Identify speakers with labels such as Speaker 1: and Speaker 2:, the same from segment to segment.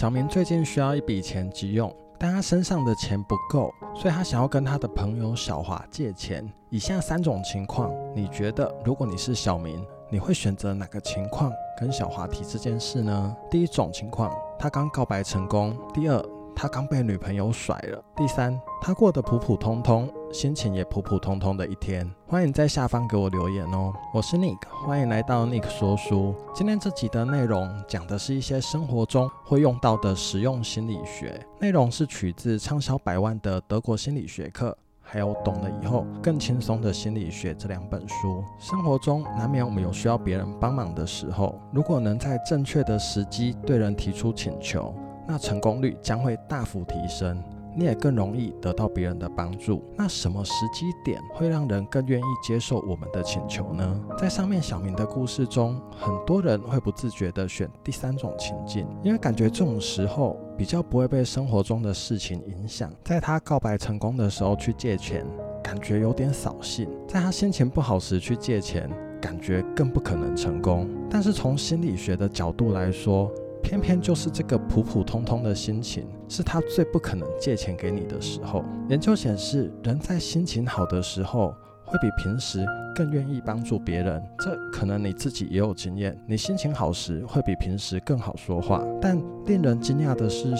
Speaker 1: 小明最近需要一筆錢急用，但他身上的錢不夠，所以他想要跟他的朋友小華借錢。以下三種情況，你覺得如果你是小明，你會選擇哪個情況跟小華提這件事呢？第一種情況，他剛告白成功；第二，他剛被女朋友甩了。第三，他過得普普通通，心情也普普通通的一天。歡迎在下方給我留言哦。我是 Nick，歡迎來到 Nick 說書。今天這集的內容講的是一些生活中會用到的實用心理學，內容是取自暢銷百萬的《德國心理學課》，還有《懂了以後更輕鬆的心理學》這兩本書。生活中難免我們有需要別人幫忙的時候，如果能在正確的時機對人提出請求，那成功率將會大幅提升，你也更容易得到別人的幫助。那什麼時機點會讓人更願意接受我們的請求呢？在上面小明的故事中，很多人會不自覺地選第三種情境，因為感覺這種時候比較不會被生活中的事情影響。在他告白成功的時候去借錢，感覺有點掃興；在他心情不好時去借錢，感覺更不可能成功。但是從心理學的角度來說，偏偏就是這個普普通通的心情，是他最不可能借錢給你的時候。研究顯示，人在心情好的時候，會比平時更願意幫助別人。這可能你自己也有經驗，你心情好時會比平時更好說話。但令人驚訝的是，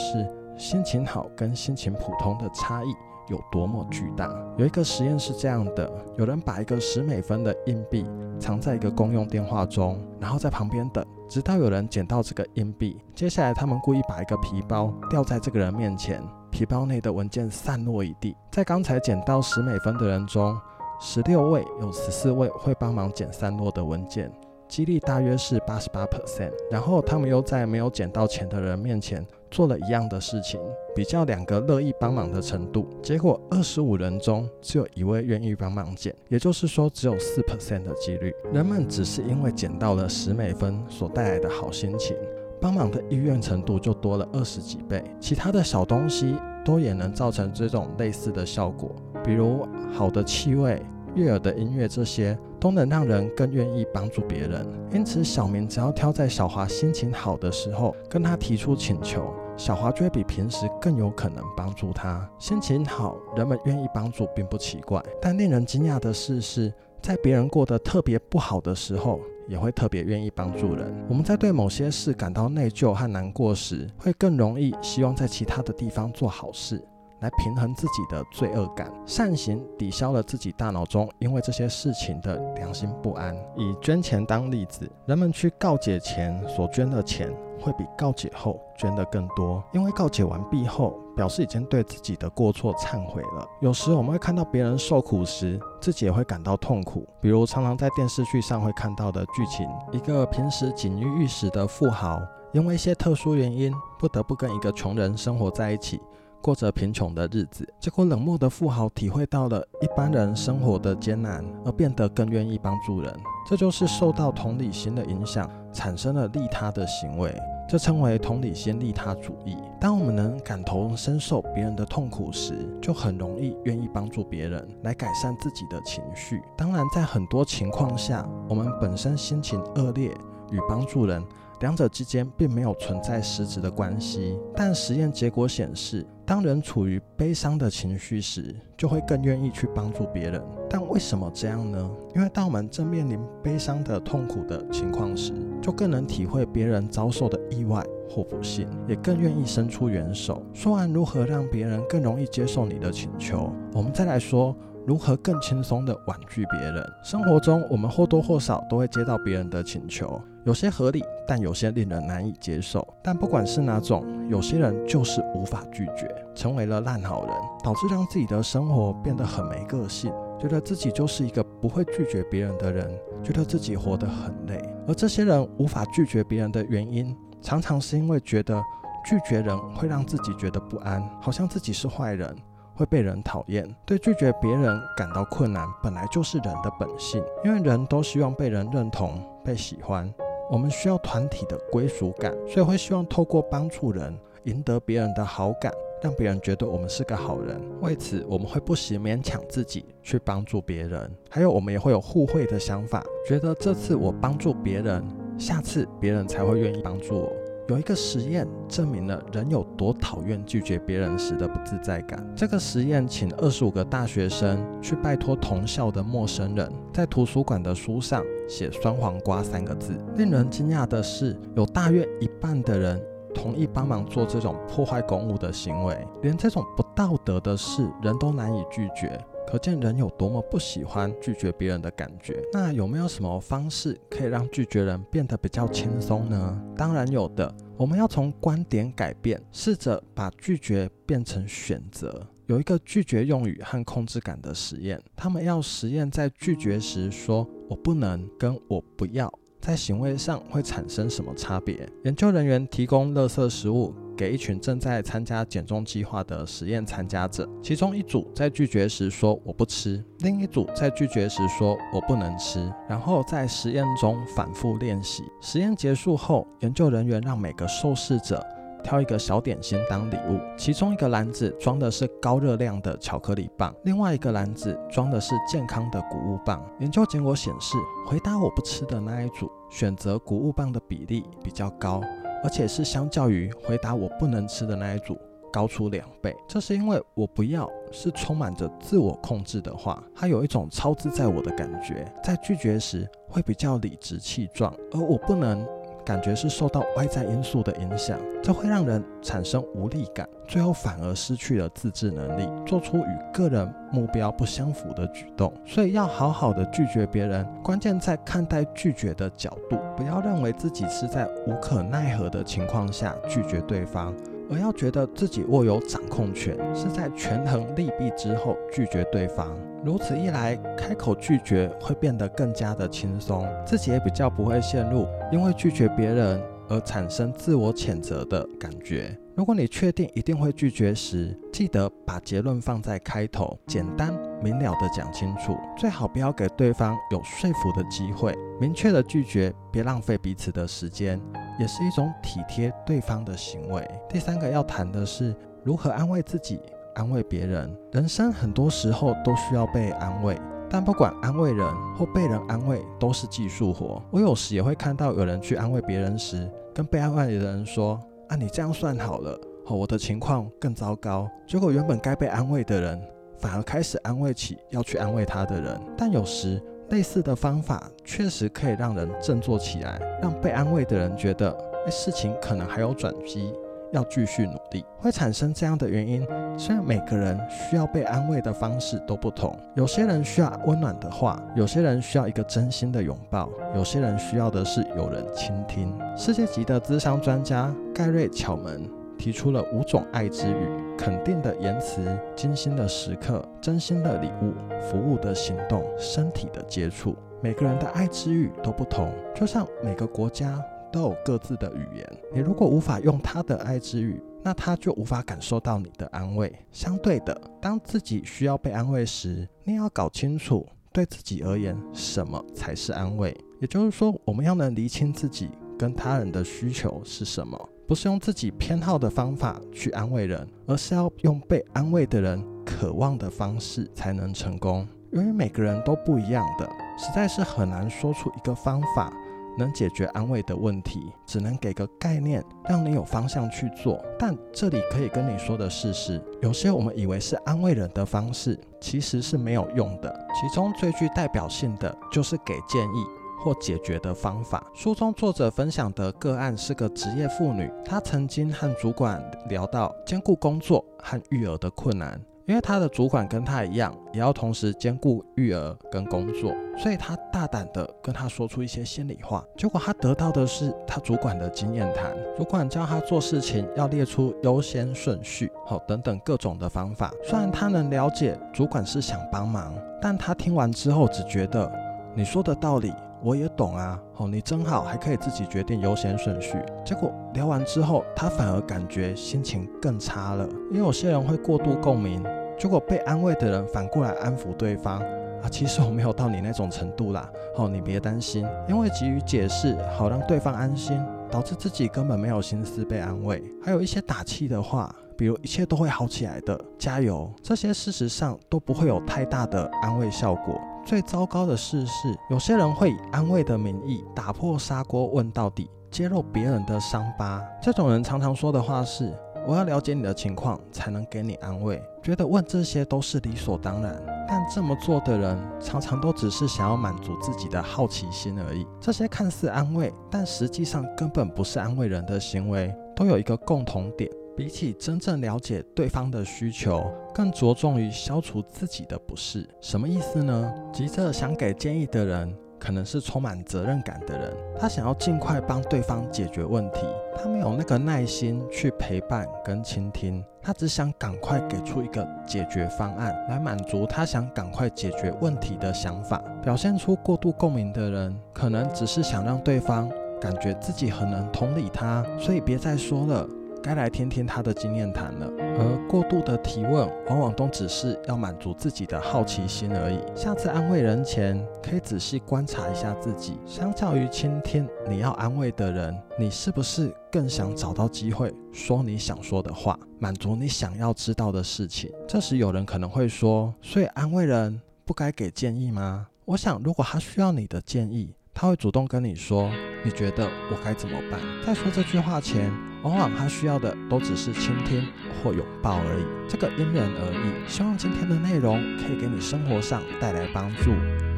Speaker 1: 心情好跟心情普通的差異，有多麼巨大？有一個實驗是這樣的：有人把一個十美分的硬幣藏在一個公用電話中，然後在旁邊等，直到有人撿到這個硬幣。接下來，他們故意把一個皮包掉在這個人面前，皮包內的文件散落一地。在剛才撿到十美分的人中，十六位有十四位會幫忙撿散落的文件。幾率大約是八十八 percent，然後他們又在沒有撿到錢的人面前做了一樣的事情，比較兩個樂意幫忙的程度，結果二十五人中只有一位願意幫忙撿，也就是說只有四 percent 的幾率。人們只是因為撿到了十美分所帶來的好心情，幫忙的意願程度就多了二十幾倍。其他的小東西都也能造成這種類似的效果，比如好的氣味。悅耳的音樂，這些都能讓人更願意幫助別人。因此，小明只要挑在小華心情好的時候跟他提出請求，小華就會比平時更有可能幫助他。心情好，人們願意幫助並不奇怪。但令人驚訝的是，在別人過得特別不好的時候，也會特別願意幫助人。我們在對某些事感到內疚和難過時，會更容易希望在其他的地方做好事。來平衡自己的罪惡感，善行抵消了自己大腦中因為這些事情的良心不安。以捐錢當例子，人們去告解前所捐的錢會比告解後捐的更多，因為告解完畢後表示已經對自己的過錯懺悔了。有時我們會看到別人受苦時，自己也會感到痛苦，比如常常在電視劇上會看到的劇情：一個平時錦衣玉食的富豪，因為一些特殊原因不得不跟一個窮人生活在一起。過着貧窮的日子，結果冷漠的富豪體會到了一般人生活的艱難，而變得更願意幫助人。這就是受到同理心的影響，產生了利他的行為，這稱為同理心利他主義。當我們能感同身受別人的痛苦時，就很容易願意幫助別人來改善自己的情緒。當然，在很多情況下，我們本身心情惡劣，與幫助人。兩者之間並沒有存在實質的關係，但實驗結果顯示，當人處於悲傷的情緒時，就會更願意去幫助別人。但為什麼這樣呢？因為當我們正面臨悲傷的痛苦的情況時，就更能體會別人遭受的意外或不幸，也更願意伸出援手。說完如何讓別人更容易接受你的請求，我們再來說如何更輕鬆地婉拒別人。生活中，我們或多或少都會接到別人的請求。有些合理，但有些令人難以接受。但不管是哪種，有些人就是無法拒絕，成為了爛好人，導致讓自己的生活變得很沒個性，覺得自己就是一個不會拒絕別人的人，覺得自己活得很累。而這些人無法拒絕別人的原因，常常是因為覺得拒絕人會讓自己覺得不安，好像自己是壞人，會被人討厭。對拒絕別人感到困難，本來就是人的本性，因為人都希望被人認同、被喜歡。我們需要團體的歸屬感，所以會希望透過幫助人贏得別人的好感，讓別人覺得我們是個好人。為此，我們會不惜勉強自己去幫助別人。還有，我們也會有互惠的想法，覺得這次我幫助別人，下次別人才會願意幫助我。有一個實驗證明了人有多討厭拒絕別人時的不自在感。這個實驗請二十五個大學生去拜託同校的陌生人，在圖書館的書上寫“酸黃瓜”三個字。令人驚訝的是，有大約一半的人同意幫忙做這種破壞公物的行為，連這種不道德的事，人都難以拒絕。可見人有多麼不喜歡拒絕別人的感覺。那有沒有什麼方式可以讓拒絕人變得比較輕鬆呢？當然有的，我們要從觀點改變，試着把拒絕變成選擇。有一個拒絕用語和控制感的實驗，他們要實驗在拒絕時說“我不能”跟“我不要”，在行為上會產生什麼差別？研究人員提供垃圾食物。給一群正在參加減重計劃的實驗參加者，其中一組在拒絕時說“我不吃”，另一組在拒絕時說“我不能吃”。然後在實驗中反覆練習。實驗結束後，研究人員讓每個受試者挑一個小點心當禮物，其中一個籃子裝的是高熱量的巧克力棒，另外一個籃子裝的是健康的穀物棒。研究結果顯示，回答“我不吃”的那一組選擇穀物棒的比例比較高。而且是相較於回答我不能吃的那一組高出兩倍，這是因為我不要是充滿着自我控制的話，它有一種操之在我的感覺，在拒絕時會比較理直氣壯，而我不能。感覺是受到外在因素的影響，這會讓人產生無力感，最後反而失去了自制能力，做出與個人目標不相符的舉動。所以要好好的拒絕別人，關鍵在看待拒絕的角度，不要認為自己是在無可奈何的情況下拒絕對方，而要覺得自己握有掌控權，是在權衡利弊之後拒絕對方。如此一來，開口拒絕會變得更加的輕鬆，自己也比較不會陷入因為拒絕別人而產生自我譴責的感覺。如果你確定一定會拒絕時，記得把結論放在開頭，簡單明了的講清楚，最好不要給對方有說服的機會。明確的拒絕，別浪費彼此的時間，也是一種體貼對方的行為。第三個要談的是如何安慰自己。安慰別人，人生很多時候都需要被安慰。但不管安慰人或被人安慰，都是技術活。我有時也會看到有人去安慰別人時，跟被安慰的人說：“啊，你這樣算好了，哦，我的情況更糟糕。”結果原本該被安慰的人，反而開始安慰起要去安慰他的人。但有時類似的方法確實可以讓人振作起來，讓被安慰的人覺得，事情可能還有轉機。要繼續努力，會產生這樣的原因。雖然每個人需要被安慰的方式都不同，有些人需要溫暖的話，有些人需要一個真心的擁抱，有些人需要的是有人傾聽。世界級的諮商專家蓋瑞·巧門提出了五種愛之語：肯定的言辭、精心的時刻、真心的禮物、服務的行動、身體的接觸。每個人的愛之語都不同，就像每個國家都有各自的語言。你如果無法用他的愛之語，那他就無法感受到你的安慰。相對的，當自己需要被安慰時，你要搞清楚對自己而言什麼才是安慰。也就是說，我們要能釐清自己跟他人的需求是什麼，不是用自己偏好的方法去安慰人，而是要用被安慰的人渴望的方式才能成功。因為每個人都不一樣的，的實在是很難說出一個方法。只能解決安慰的問題，只能給個概念，讓你有方向去做。但這裡可以跟你說的事實，有些我們以為是安慰人的方式，其實是沒有用的。其中最具代表性的就是給建議或解決的方法。書中作者分享的個案是個職業婦女，她曾經和主管聊到兼顧工作和育兒的困難。因為他的主管跟他一樣，也要同時兼顧育兒跟工作，所以他大膽地跟他說出一些心裡話，結果他得到的是他主管的經驗談。主管教他做事情要列出優先順序，好、哦，等等各種的方法。雖然他能了解主管是想幫忙，但他聽完之後只覺得你說的道理我也懂啊，哦，你真好，還可以自己決定優先順序。結果聊完之後，他反而感覺心情更差了，因為有些人會過度共鳴。如果被安慰的人反過來安撫對方啊，其實我沒有到你那種程度啦，好、哦，你別擔心。因為急於解釋，好讓對方安心，導致自己根本沒有心思被安慰。還有一些打氣的話，比如“一切都會好起來的”“加油”這些，事實上都不會有太大的安慰效果。最糟糕的事是，有些人會以安慰的名義打破砂鍋問到底，揭露別人的傷疤。這種人常常說的話是：我要了解你的情況，才能給你安慰。覺得問這些都是理所當然，但這麼做的人常常都只是想要滿足自己的好奇心而已。這些看似安慰，但實際上根本不是安慰人的行為，都有一個共同點：比起真正了解對方的需求，更着重於消除自己的不適。什麼意思呢？急着想給建議的人。可能是充滿責任感的人，他想要盡快幫對方解決問題，他沒有那個耐心去陪伴跟傾聽，他只想趕快給出一個解決方案來滿足他想趕快解決問題的想法。表現出過度共鳴的人，可能只是想讓對方感覺自己很能同理他，所以別再說了。該來聽聽他的經驗談了，而過度的提問往往都只是要滿足自己的好奇心而已。下次安慰人前，可以仔細觀察一下自己，相較於今天你要安慰的人，你是不是更想找到機會說你想說的話，滿足你想要知道的事情？這時有人可能會說，所以安慰人不該給建議嗎？我想，如果他需要你的建議，他會主動跟你說。你覺得我該怎麼辦？在說這句話前，往往他需要的都只是傾聽或擁抱而已。這個因人而異。希望今天的內容可以給你生活上帶來幫助。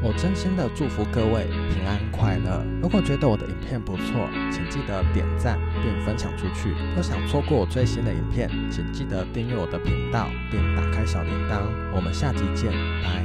Speaker 1: 我真心的祝福各位平安快樂。如果覺得我的影片不錯，請記得點贊並分享出去。若想錯過我最新的影片，請記得訂閱我的頻道並打開小鈴鐺。我們下期見，拜。